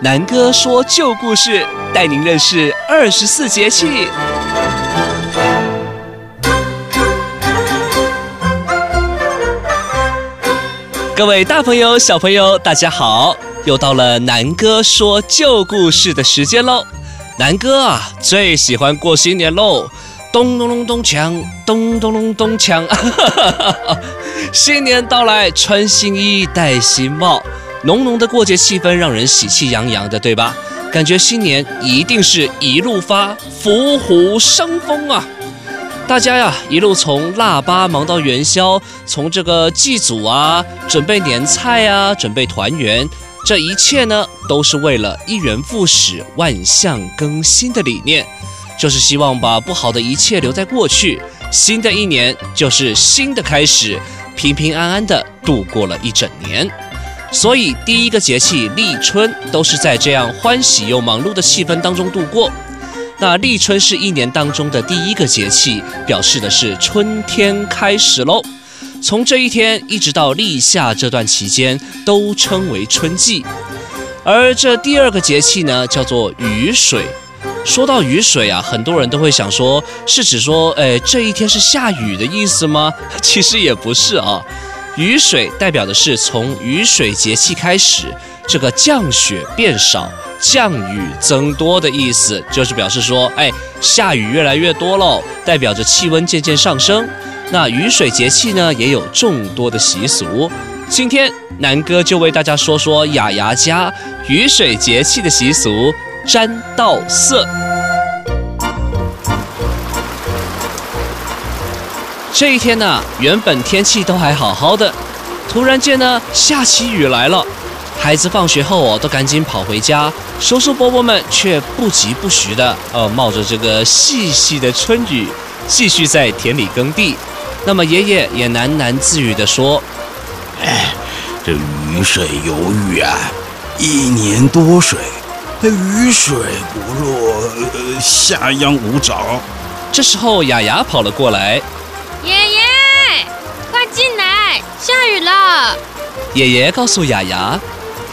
南哥說舊故事，帶您認識二十四節氣。各位大朋友、小朋友，大家好！又到了南哥說舊故事的時間嘍。南哥啊，最喜歡過新年嘍。咚咚隆咚鏘，咚咚隆咚鏘。 新年到來，穿新衣，戴新帽，濃濃的過節氣氛讓人喜氣洋洋的，對吧？感覺新年一定是一路發福、虎生風啊！大家呀，一路從臘八忙到元宵，從這個祭祖啊，準備年菜啊，準備團圓，這一切呢，都是為了“一元復始，萬象更新”的理念。就是希望把不好的一切留在過去，新的一年就是新的開始，平平安安的度過了一整年。所以第一個節氣立春都是在這樣歡喜又忙碌的氣氛當中度過。那立春是一年當中的第一個節氣，表示的是春天開始嘍。從這一天一直到立夏這段期間都稱為春季，而這第二個節氣呢，叫做雨水。說到雨水啊，很多人都會想說，是指說，哎，這一天是下雨的意思嗎？其實也不是啊，雨水代表的是從雨水節氣開始，這個降雪變少，降雨增多的意思，就是表示說，哎，下雨越來越多嘍，代表着氣溫漸漸上升。那雨水節氣呢，也有眾多的習俗，今天南哥就為大家說說牙牙家雨水節氣的習俗。占稻色。這一天呢，原本天氣都還好好的，突然間呢，下起雨來了。孩子放學後哦，都趕緊跑回家，叔叔伯伯們卻不疾不徐的呃冒着這個細細的春雨，繼續在田裡耕地。那麼爺爺也喃喃自語的說：“哎，這雨水有雨啊，一年多水。”雨水不落，呃、下，秧無長。這時候，牙牙跑了過來：“爺爺，快進來，下雨了。”爺爺告訴牙牙：“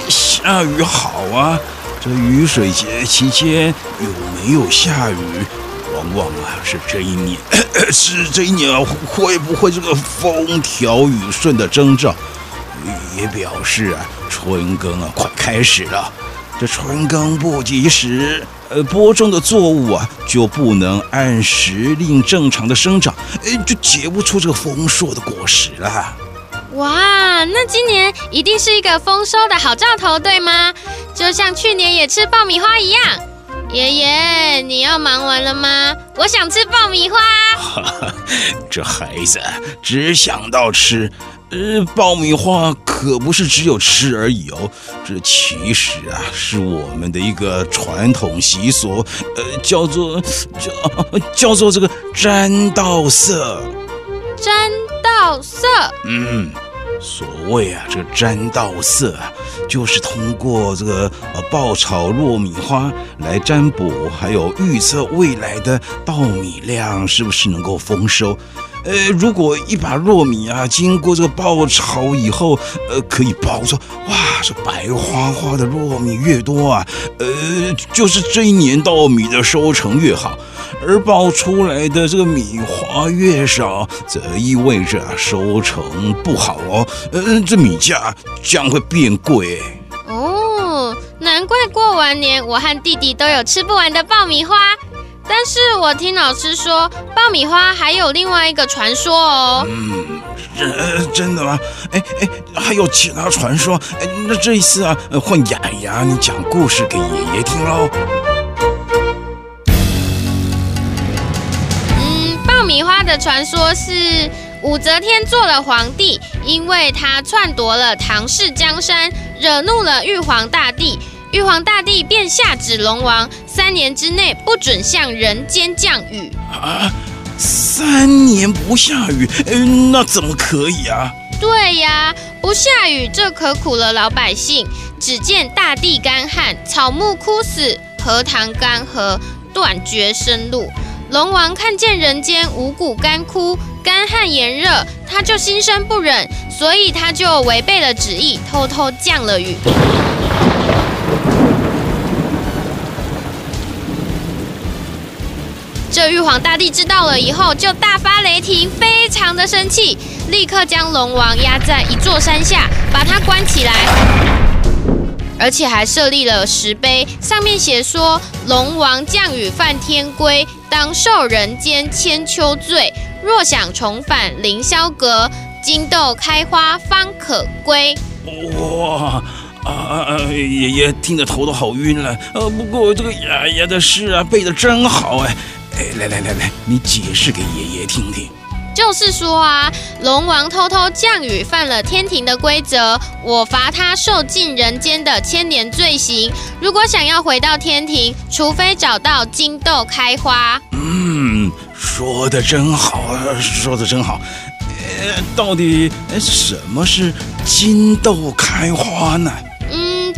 下雨好啊，這雨水節期間有沒有下雨，往往啊是這一年咳咳是這一年、啊、會不會這個風調雨順的徵兆。”也表示：“啊，春耕啊，快開始了。”這春耕不及時，呃，播種的作物啊，就不能按時令正常的生長，哎、呃，就結不出這個豐碩的果實啦。哇，那今年一定是一個豐收的好兆頭，對嗎？就像去年也吃爆米花一樣。爺爺，你要忙完了嗎？我想吃爆米花。哈哈，這孩子只想到吃。呃，爆米花可不是只有吃而已哦，這其實啊是我們的一個傳統習俗，呃，叫做叫叫做這個占稻色。占稻色。嗯，所謂啊，這個占稻色，就是通過這個呃、啊、爆炒糯米花來占卜，還有預測未來的稻米量是不是能夠豐收。呃，如果一把糯米啊，經過這個爆炒以後，呃，可以爆出，哇，這白花花的糯米越多啊，呃，就是這一年稻米的收成越好；而爆出來的這個米花越少，則意味着啊，收成不好哦。嗯，呃，這米價將會變貴哦。難怪過完年，我和弟弟都有吃不完的爆米花。但是我聽老師說，爆米花還有另外一個傳說哦。嗯，真真的嗎？哎哎，還有其他傳說？誒那這一次啊，換牙牙你講故事給爺爺聽嘍。嗯，爆米花的傳說是武則天做了皇帝，因為她篡奪了唐室江山，惹怒了玉皇大帝。玉皇大帝便下旨龍王，三年之內不准向人間降雨。啊，三年不下雨？嗯，那怎麼可以啊？對呀，啊，不下雨，這可苦了老百姓。只見大地乾旱，草木枯死，荷塘乾涸，斷絕生路。龍王看見人間五穀乾枯，乾旱炎熱，他就心生不忍，所以他就違背了旨意，偷偷降了雨。這玉皇大帝知道了以後，就大發雷霆，非常的生氣，立刻將龍王壓在一座山下，把他關起來，而且還設立了石碑，上面寫說：“龍王降雨犯天規，當受人間千秋罪。若想重返凌霄閣，金豆開花方可歸。”哇哇啊！爺爺聽得頭都好暈了。呃，不過這個爺爺的詩啊，背得真好哎。來來來來，你解釋給爺爺聽聽。就是說啊，龍王偷偷降雨，犯了天庭的規則，我罰他受盡人間的千年罪行。如果想要回到天庭，除非找到金豆開花。嗯，說得真好，說得真好。呃，到底什麼是金豆開花呢？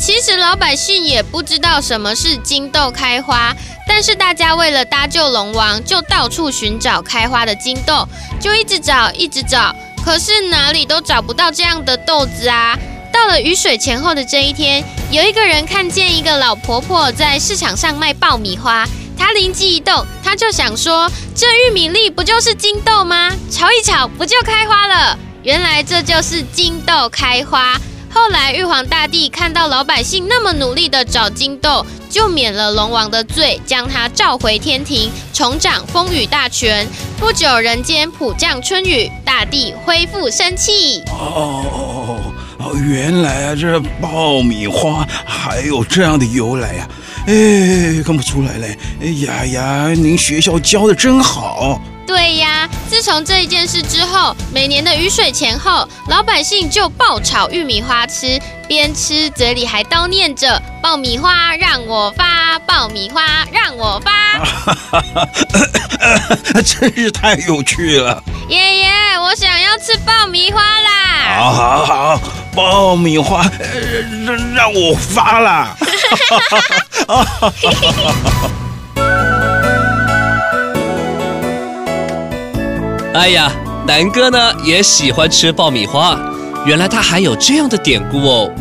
其實老百姓也不知道什麼是金豆開花，但是大家為了搭救龍王，就到處尋找開花的金豆，就一直找，一直找，可是哪裡都找不到這樣的豆子啊！到了雨水前後的這一天，有一個人看見一個老婆婆在市場上賣爆米花，他靈機一動，他就想說：這玉米粒不就是金豆嗎？炒一炒不就開花了？原來這就是金豆開花。後來，玉皇大帝看到老百姓那麼努力的找金豆，就免了龍王的罪，將他召回天庭，重掌風雨大權。不久，人間普降春雨，大地恢復生氣。哦哦哦哦！原來啊，這爆米花還有這樣的由來呀、啊！哎，看不出來嘞！哎呀呀，您學校教得真好。對呀，自從這一件事之後，每年的雨水前後，老百姓就爆炒玉米花吃，邊吃嘴裡還叨念着：“爆米花讓我發，爆米花讓我發。啊哈哈呃呃”真是太有趣了，爺爺，我想要吃爆米花啦！好、啊，好，好，爆米花讓、呃、讓我發啦！哈，哈哈，哈哈，啊，啊啊啊啊 哎呀，南哥呢也喜歡吃爆米花，原來他還有這樣的典故哦。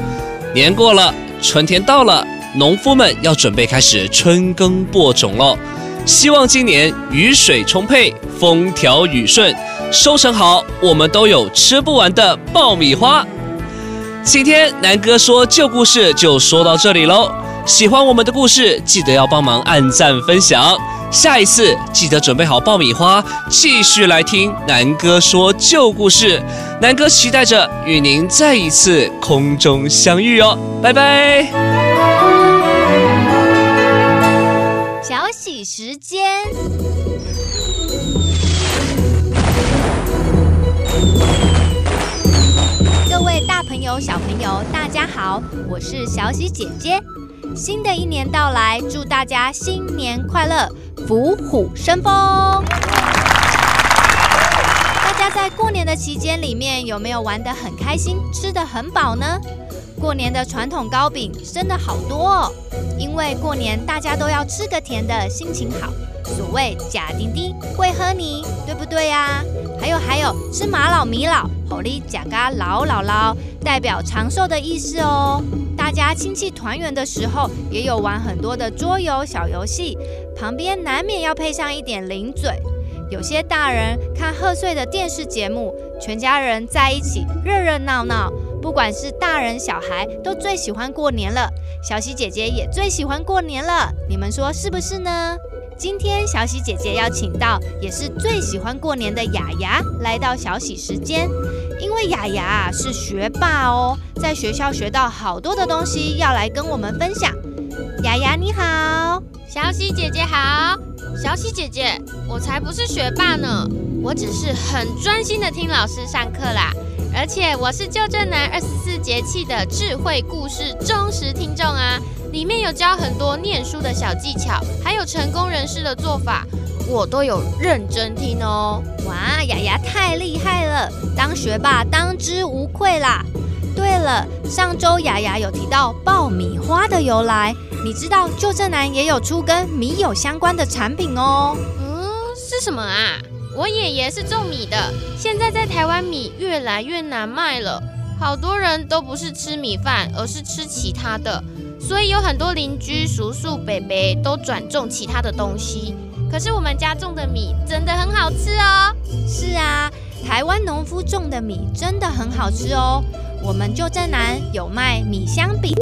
年過了，春天到了，農夫們要準備開始春耕播種了。希望今年雨水充沛，風調雨順，收成好，我們都有吃不完的爆米花。今天南哥說舊故事就說到這裡嘍。喜歡我們的故事，記得要幫忙按贊分享。下一次記得準備好爆米花，繼續來聽南哥說舊故事。南哥期待着與您再一次空中相遇哦，拜拜。小喜時間，各位大朋友小朋友，大家好，我是小喜姐姐。新的一年到來，祝大家新年快樂，福虎生風。大家在過年的期間裡面有沒有玩得很開心，吃得很飽呢？過年的傳統糕餅真的好多哦，因為過年大家都要吃個甜的，心情好。所謂吃甜甜會喝你，對不對呀、啊？還有還有，吃麻老米老，吼哩假嘎老姥姥，代表長壽的意思哦。大家親戚團圓的時候，也有玩很多的桌遊小遊戲，旁邊難免要配上一點零嘴。有些大人看賀歲的電視節目，全家人在一起熱熱鬧鬧。不管是大人小孩，都最喜歡過年了。小喜姐姐也最喜歡過年了，你們說是不是呢？今天小喜姐姐邀請到也是最喜歡過年的牙牙，來到小喜時間。因為牙牙是學霸哦，在學校學到好多的東西，要來跟我們分享。牙牙你好。小喜姐姐好。小喜姐姐，我才不是學霸呢，我只是很專心的聽老師上課啦。而且我是邱正南二十四節氣的智慧故事忠實聽眾啊，裡面有教很多念書的小技巧，還有成功人士的做法。我都有認真聽哦！哇，牙牙太厲害了，當學霸當之無愧啦！對了，上周牙牙有提到爆米花的由來，你知道就這南也有出跟米有相關的產品哦。嗯，是什麼啊？我爺爺是種米的，現在在台灣米越來越難賣了，好多人都不是吃米飯，而是吃其他的，所以有很多鄰居叔叔伯伯都轉種其他的東西。可是我們家種的米真的很好吃哦。是啊，台灣農夫種的米真的很好吃哦。我們舊振南有賣米香餅，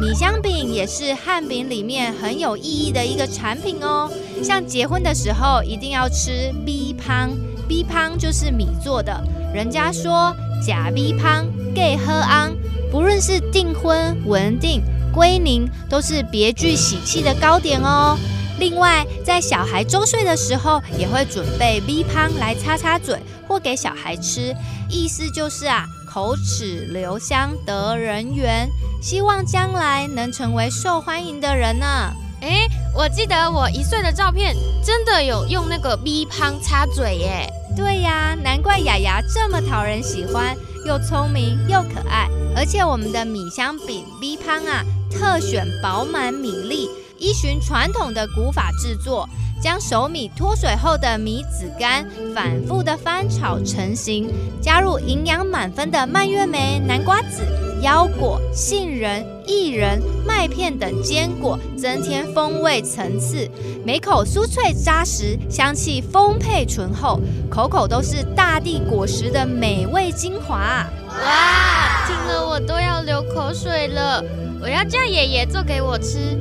米香餅也是漢餅裡面很有意義的一個產品哦。像結婚的時候一定要吃米香，米香就是米做的。人家說呷米香，嫁好翁，不論是訂婚、文定、歸寧，都是別具喜氣的糕點哦。另外，在小孩周歲的時候，也會準備米香來擦擦嘴或給小孩吃，意思就是啊，口齒留香得人緣，希望將來能成為受歡迎的人呢、啊。哎、欸，我記得我一歲的照片真的有用那個米香擦嘴耶。對呀、啊，難怪牙牙這麼討人喜歡，又聰明又可愛。而且我們的米香餅米香啊，特選飽滿米粒，依循傳統的古法製作，將熟米脫水後的米子乾反覆的翻炒成型，加入營養滿分的蔓越莓、南瓜籽、腰果、杏仁、薏仁、麥片等堅果，增添風味層次。每口酥脆扎實，香氣豐沛醇厚，口口都是大地果實的美味精華。哇，聽了我都要流口水了，我要叫爺爺做給我吃。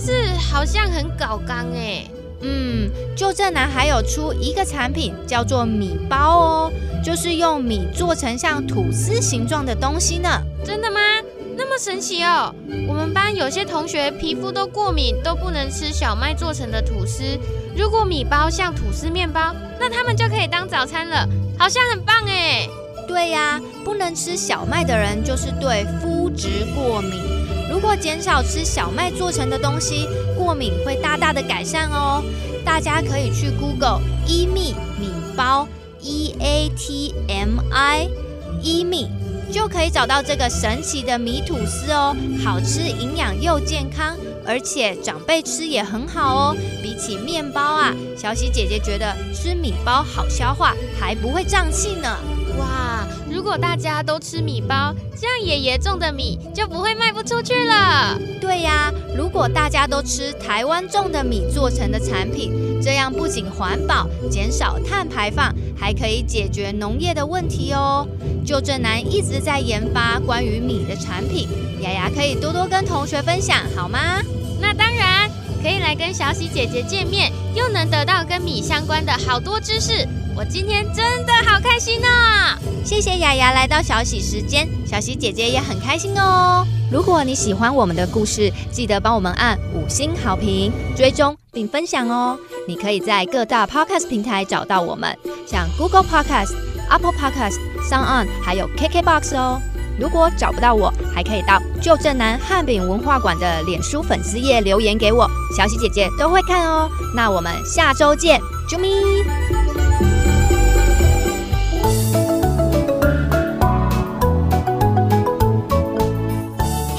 但是好像很搞剛誒嗯，就這男還有出一個產品叫做米包哦，就是用米做成像吐司形狀的東西呢。真的嗎？那麼神奇哦！我們班有些同學皮膚都過敏，都不能吃小麥做成的吐司。如果米包像吐司麵包，那他們就可以當早餐了，好像很棒哎。對呀，啊，不能吃小麥的人就是對麩質過敏。或減少吃小麥做成的東西，過敏會大大的改善哦。大家可以去 Google e-mi 米包 e-a-t-m-i e-mi, 就可以找到這個神奇的米吐司哦，好吃、營養又健康，而且長輩吃也很好哦。比起麵包啊，小喜姐姐覺得吃米包好消化，還不會脹氣呢。哇！如果大家都吃米包，這樣爺爺種的米就不會賣不出去了。對呀、啊，如果大家都吃台灣種的米做成的產品，這樣不僅環保，減少碳排放，還可以解決農業的問題哦。就正男一直在研發關於米的產品，牙牙可以多多跟同學分享好嗎？那當然，可以來跟小喜姐姐見面，又能得到跟米相關的好多知識。我今天真的好開心啊、哦！謝謝牙牙來到小喜時間，小喜姐姐也很開心哦。如果你喜歡我們的故事，記得幫我們按五星好評、追蹤並分享哦。你可以在各大 Podcast 平台找到我們，像 Google Podcast、Apple Podcast、SoundOn，還有 KK Box 哦。如果找不到我，還可以到舊振南漢餅文化館的臉書粉絲頁留言給我，小喜姐姐都會看哦。那我們下周見，啾咪！